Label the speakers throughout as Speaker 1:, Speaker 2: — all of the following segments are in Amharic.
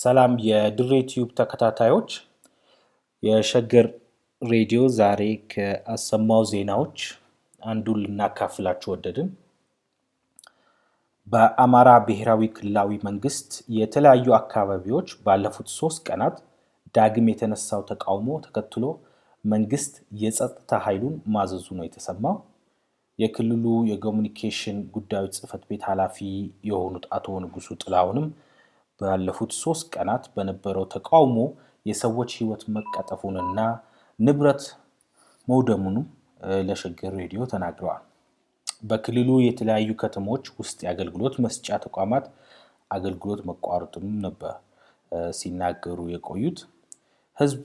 Speaker 1: ሰላም የድሬ ቲዩብ ተከታታዮች፣ የሸገር ሬዲዮ ዛሬ ከአሰማው ዜናዎች አንዱን ልናካፍላችሁ ወደድን። በአማራ ብሔራዊ ክልላዊ መንግስት የተለያዩ አካባቢዎች ባለፉት ሶስት ቀናት ዳግም የተነሳው ተቃውሞ ተከትሎ መንግስት የጸጥታ ኃይሉን ማዘዙ ነው የተሰማው። የክልሉ የኮሚኒኬሽን ጉዳዮች ጽህፈት ቤት ኃላፊ የሆኑት አቶ ንጉሱ ጥላሁንም ባለፉት ሶስት ቀናት በነበረው ተቃውሞ የሰዎች ህይወት መቀጠፉንና ንብረት መውደሙን ለሸገር ሬዲዮ ተናግረዋል። በክልሉ የተለያዩ ከተሞች ውስጥ የአገልግሎት መስጫ ተቋማት አገልግሎት መቋረጡንም ነበር ሲናገሩ የቆዩት። ህዝቡ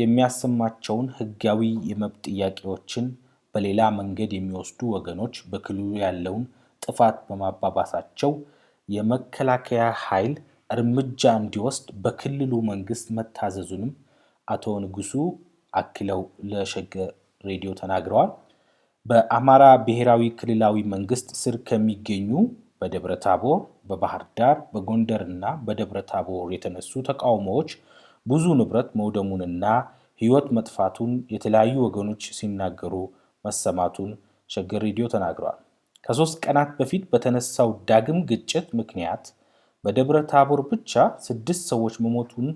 Speaker 1: የሚያሰማቸውን ህጋዊ የመብት ጥያቄዎችን በሌላ መንገድ የሚወስዱ ወገኖች በክልሉ ያለውን ጥፋት በማባባሳቸው የመከላከያ ኃይል እርምጃ እንዲወስድ በክልሉ መንግስት መታዘዙንም አቶ ንጉሱ አክለው ለሸገር ሬዲዮ ተናግረዋል። በአማራ ብሔራዊ ክልላዊ መንግስት ስር ከሚገኙ በደብረ ታቦር፣ በባህር ዳር፣ በጎንደር እና በደብረ ታቦር የተነሱ ተቃውሞዎች ብዙ ንብረት መውደሙንና ህይወት መጥፋቱን የተለያዩ ወገኖች ሲናገሩ መሰማቱን ሸገር ሬዲዮ ተናግረዋል። ከሶስት ቀናት በፊት በተነሳው ዳግም ግጭት ምክንያት በደብረ ታቦር ብቻ ስድስት ሰዎች መሞቱን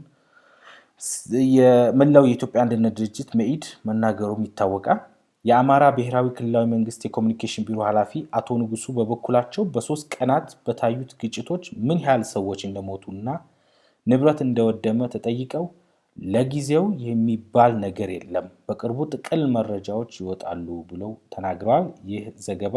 Speaker 1: የመላው የኢትዮጵያ አንድነት ድርጅት መኢድ መናገሩም ይታወቃል። የአማራ ብሔራዊ ክልላዊ መንግስት የኮሚኒኬሽን ቢሮ ኃላፊ አቶ ንጉሱ በበኩላቸው በሶስት ቀናት በታዩት ግጭቶች ምን ያህል ሰዎች እና ንብረት እንደወደመ ተጠይቀው ለጊዜው የሚባል ነገር የለም፣ በቅርቡ ጥቅል መረጃዎች ይወጣሉ ብለው ተናግረዋል። ይህ ዘገባ